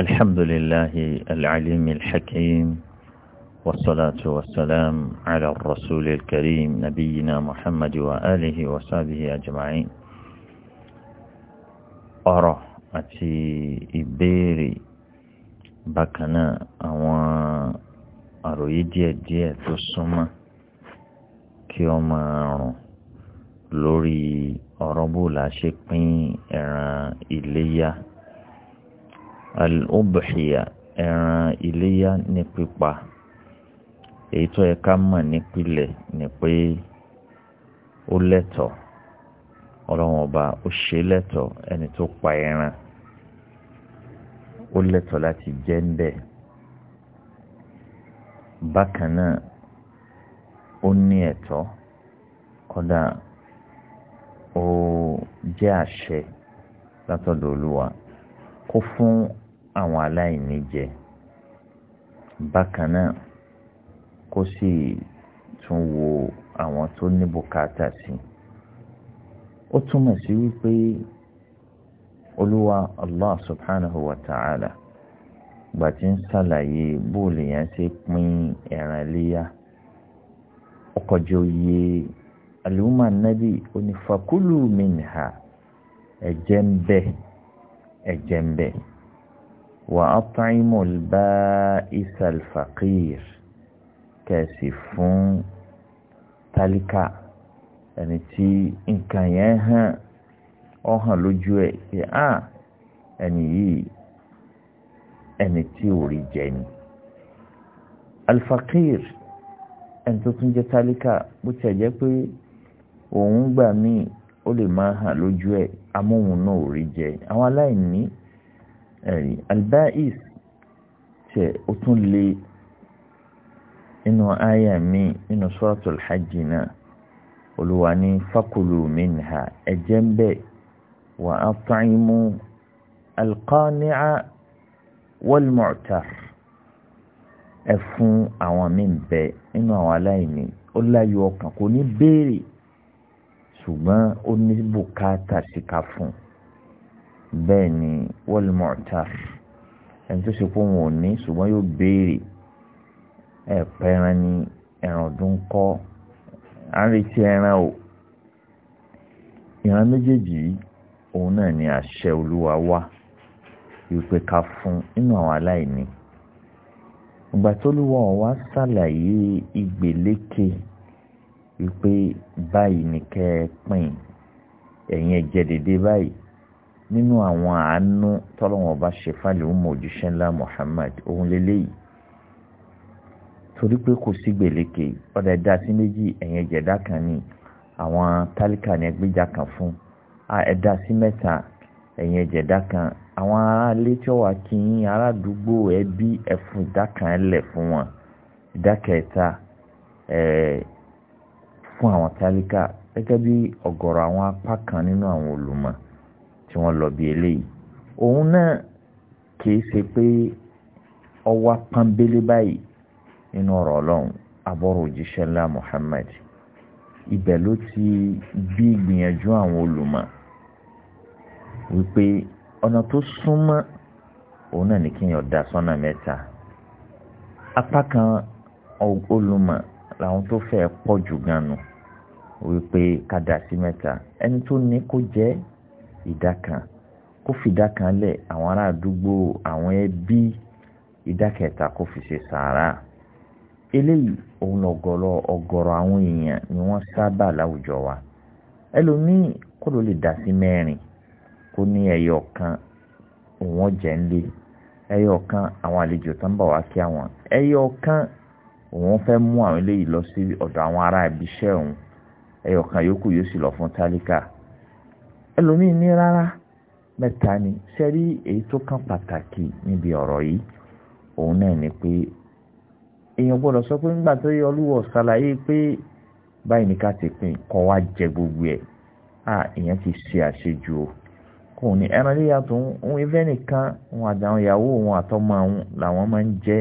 الحمد لله العليم الحكيم والصلاة والسلام على الرسول الكريم نبينا محمد وآله وصحبه أجمعين ọ̀rọ̀ àti ìbéèrè bákan náà àwọn àròyé díẹ̀díẹ̀ tó súnmọ́ kí ó máa rùn lórí ọ̀rọ̀ bó la ṣe pín ẹran iléyà. al-ubhiya ẹran iléyà ní pípa èyí tó yẹ ká mọ̀ ni pé ó lẹ́tọ̀ọ́ ọlọ́run ọba ó ṣe lẹ́tọ̀ọ́ ẹni tó pa ẹran ó lẹ́tọ̀ọ́ láti jẹ ń bẹ̀ bákan náà ó ní ẹ̀tọ́ ó jẹ́ àṣẹ látọ̀dọ̀ olúwa kó àwọn aláìní jẹ bákan náà kó sì tún wo àwọn tó ní bùkátà sí ó túmọ̀ sí wípé olúwa allah subhanahu wa ta'ala gbà tí ń ṣàlàyé bóòlù yẹn ṣe pín ẹran iléyà ó kọjá oyè àlùmọ́ nábì onífàkúlù minha ẹ̀jẹ̀ ń bẹ ẹ̀jẹ̀ ń وأطعم البائس الفقير كاسفون تلك ẹni tí nǹkan yẹn hàn ọ hàn lójú ẹ pé á ẹni yìí ẹni tí ò rí jẹ ni. alfakir ẹni tó tún jẹ́ tálíkà bó tiẹ̀ jẹ́ pé òun gbà míì ó lè máa hàn lójú ẹ amóhun náà ò rí jẹ àwọn aláìní ẹ̀rí alba'is tẹ̀ ó tún lé inú àyà mi inú suratul hajj náà olùwà ní fakulu minha ẹ̀jẹ̀ ń bẹ̀ wà á fàáyìmú alqani'a walmu'tar ẹ fún àwọn mí bẹ inú àwọn aláìní ó láyọ̀ ọkàn kò ní béèrè ṣùgbọ́n ó ní bùkátà síka fún un bẹ́ẹ̀ ni wal mu'tar ẹni tó ṣe pé òun ò ní ṣùgbọ́n yóò béèrè ẹ̀pẹ́ ẹran ni ẹran ọdún kọ́ à ń retí ẹran o ìran méjèèjì òun náà ni àṣẹ olúwa wá wípé ká fún nínú àwọn aláìní ìgbà tó lúwọ wá ṣàlàyé ìgbèléke wípé báyìí ni kẹ́ ẹ pín ẹ̀yin ẹ̀jẹ̀ dédé báyìí nínú àwọn àánú tọ́lọ́wọ́n bá ṣe fáìlì ọmọ òjíṣẹ́ ńlá Muhammad òun lélẹ́yìí torí pé kò sí gbèlékè ọ̀dà ẹ̀dá sí méjì ẹ̀yìn ẹ̀jẹ̀dá kan ní àwọn tálíkà ní ẹgbẹ́jà kan fún ẹ̀dá sí mẹ́ta ẹ̀yìn ẹ̀jẹ̀dá kan àwọn aráalé tí ó wà kíyìn aládùúgbò ẹbí ẹ̀fún ìdá ẹlẹ̀ fún wọn ìdá kẹta fún àwọn tálíkà gẹ́gẹ́ bí ọ̀gọ̀rọ̀ àwọn apá kan nínú àwọn olùmọ̀ tí wọ́n lọ bí eléyìí òun náà kìí ṣe pé ọwọ́ pọ́nbélé báyìí nínú ọ̀rọ̀ ọlọ́run abọ́rọ̀ òjíṣẹ́ ńlá Muhammad ibẹ̀ ló ti bí ìgbìyànjú àwọn olùmọ̀ wípé ọ̀nà tó súnmọ́ òun náà ní kéèyàn dá sọ́nà mẹ́ta apá kan olùmọ̀ làwọn tó fẹ́ pọ̀ jù gan wípé ká mẹ́ta ẹni tó ní kó jẹ́ ìdá kan kó fìdá kan lẹ̀ àwọn ará àdúgbò àwọn ẹbí ìdá kẹta kó fi ṣe sàárà eléyìí òun lọgọrọ ọ̀gọ̀rọ̀ àwọn èèyàn ni wọ́n sábà láwùjọ wa ẹlòmíì kó ló lè dá sí mẹ́rin kó ní ẹyọ kan òun jẹ ńlé ẹyọ kan àwọn àlejò tó ń bọ̀ wá kí àwọn ẹyọ kan òun fẹ́ mú àwọn eléyìí lọ sí ọ̀dọ̀ àwọn ará ibiṣẹ́ òun ẹyọ kan yòókù yóò sì lọ fún tálíkà ẹlòmíì ní rárá mẹ́ta ni sẹ́rí èyí tó kàn pàtàkì níbi ọ̀rọ̀ yìí òun náà ni pé èèyàn gbọ́dọ̀ sọ pé nígbà tó yẹ olúwọ̀ ṣàlàyé pé báyìí ká ti pin kọ́ gbogbo ẹ̀ a èèyàn ti ṣe àṣejù o kò ní ẹran líya tó ń ẹfẹ́ nìkan òun àtàwọn ìyàwó òun àtọmọ àwọn làwọn máa ń jẹ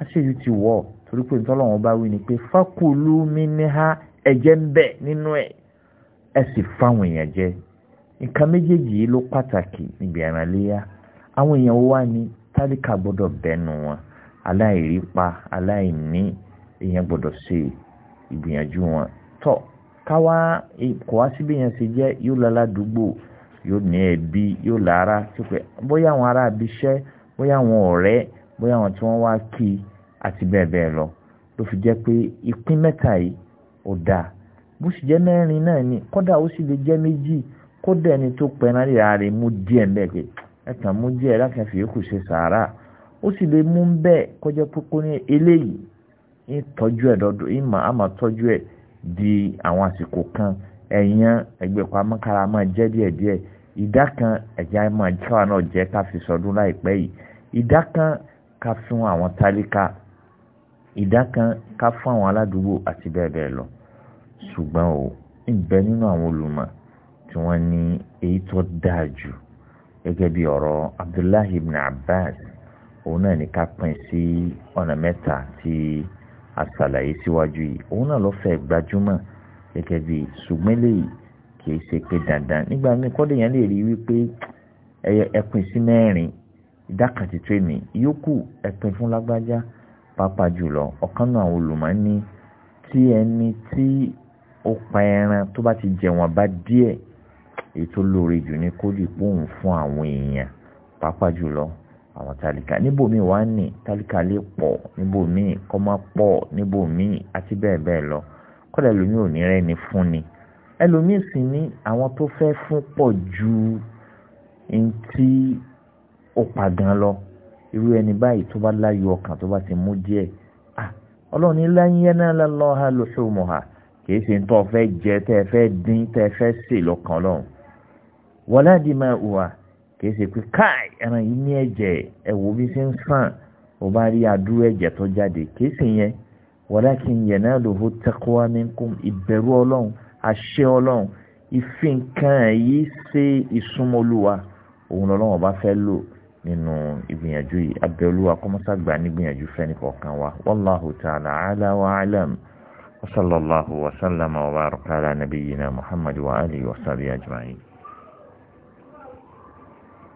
àṣejù ti wọ̀ torí pé ntọ́lọ́wọ́n bá wí ni pé fákùlù mi ní ha ẹ̀jẹ̀ ń bẹ nínú ẹ̀ ẹ̀ nǹkan méjèèjì yìí ló pàtàkì níbi ẹran léyà àwọn èèyàn wá ní tálíkà gbọ́dọ̀ bẹnu wọn aláìrípa aláìní èèyàn gbọ́dọ̀ ṣe ìgbìyànjú wọn tó káwá kò wá síbi èèyàn ṣe jẹ́ yóò lọ aládùúgbò yóò ní ẹbí yóò lára sípè bóyá àwọn ará abiṣẹ́ bóyá àwọn ọ̀rẹ́ bóyá àwọn tí wọ́n wá kí àti bẹ́ẹ̀ bẹ́ẹ̀ lọ ló fi jẹ́ pé ìpín mẹ́ta yìí ò dáa bó sì jẹ́ mẹ́rin náà ni kódà ó sì lè jẹ́ méjì kódà ẹni tó pẹ́ náà yà á rè mú díẹ̀ ń bẹ́ẹ̀ pé ẹ kàn mú díẹ̀ láti fi yòókù ṣe sàárà ó sì lè mú bẹ́ẹ̀ kọjá pípọ́ ní eléyìí ń tọ́jú ẹ̀ dọ́dọ̀ ń mà á mà tọ́jú ẹ̀ di àwọn àsìkò kan ẹ̀yàn ẹgbẹ̀pá mọ́kàrà máa jẹ́ díẹ̀díẹ̀ ìdá kan ẹ̀já máa káwa náà jẹ́ ká fi sọdún láìpẹ́ yìí ìdá kan ká fún àwọn tálíkà ìdá kan ká fún àwọn aládùúgbò àti bẹ́ẹ̀ bẹ́ẹ̀ lọ ṣùgbọ́n o ń bẹ nínú àwọn olùmọ̀ tí wọ́n ní èyí tó dáa jù gẹ́gẹ́ bí ọ̀rọ̀ abdullahi ibn abbas òun náà ní ká pín sí ọ̀nà mẹ́ta tí a ṣàlàyé síwájú yìí òun náà ló fẹ́ gbajúmọ̀ gẹ́gẹ́ bí ṣùgbọ́n léyìí kìí ṣe pé dandan nígbà míì kọ́dé yẹn lè rí wípé ẹpin sí mẹ́rin ìdá kan ti tó èmi yòókù ẹpin fún lágbájá pàápàá jùlọ ọ̀kan náà olùmọ̀ ní tí ẹni tí ó pa ẹran tó bá ti jẹ̀wọ̀n bá díẹ̀ èyí tó lóore jù ní kó lè pòun fún àwọn èèyàn pàápàá jùlọ àwọn tálíkà níbòmíì wá ní tálíkà lè pọ̀ níbòmíì kọ́ máa pọ̀ níbòmíì àti bẹ́ẹ̀ bẹ́ẹ̀ lọ kọ́lẹ̀ lómi ò ní rẹ́ni fún ni ẹlòmíì sì ní àwọn tó fẹ́ fún pọ̀ ju ntí ó pa gan lọ irú ẹni báyìí tó bá láyọ̀ ọkàn tó bá ti mú díẹ̀ ah ọlọ́run ilé ayé náà lọ́ọ́ ha lóṣù ha kì í ṣe ń tọ́ fẹ́ jẹ tẹ́ fẹ́ dín tẹ́ fẹ́ sè lọ́kàn ọlọ́run wala dima'uha kì í ṣe pé káì ẹran yìí ní ẹ̀jẹ̀ ẹ̀wò bí ṣe ń sàn ó bá rí adúrú ẹ̀jẹ̀ tó jáde kì í ṣe yẹn walakin yanaluhu taqwa minkum ìbẹ̀rù ọlọ́run àṣẹ ọlọ́run ìfi nǹkan yìí ṣe ìsúnmọ́lúwa òun lọ́lọ́run ọba fẹ́ lò nínú ìgbìyànjú yìí abẹ́olúwa kọ́mọ́sàgbà nígbìyànjú fẹ́ni kọ̀ọ̀kan wa wallahu ta'ala wa alam wa sallallahu wa sallama wa baraka ala muhammadu wa alihi wa sahbihi ajma'in.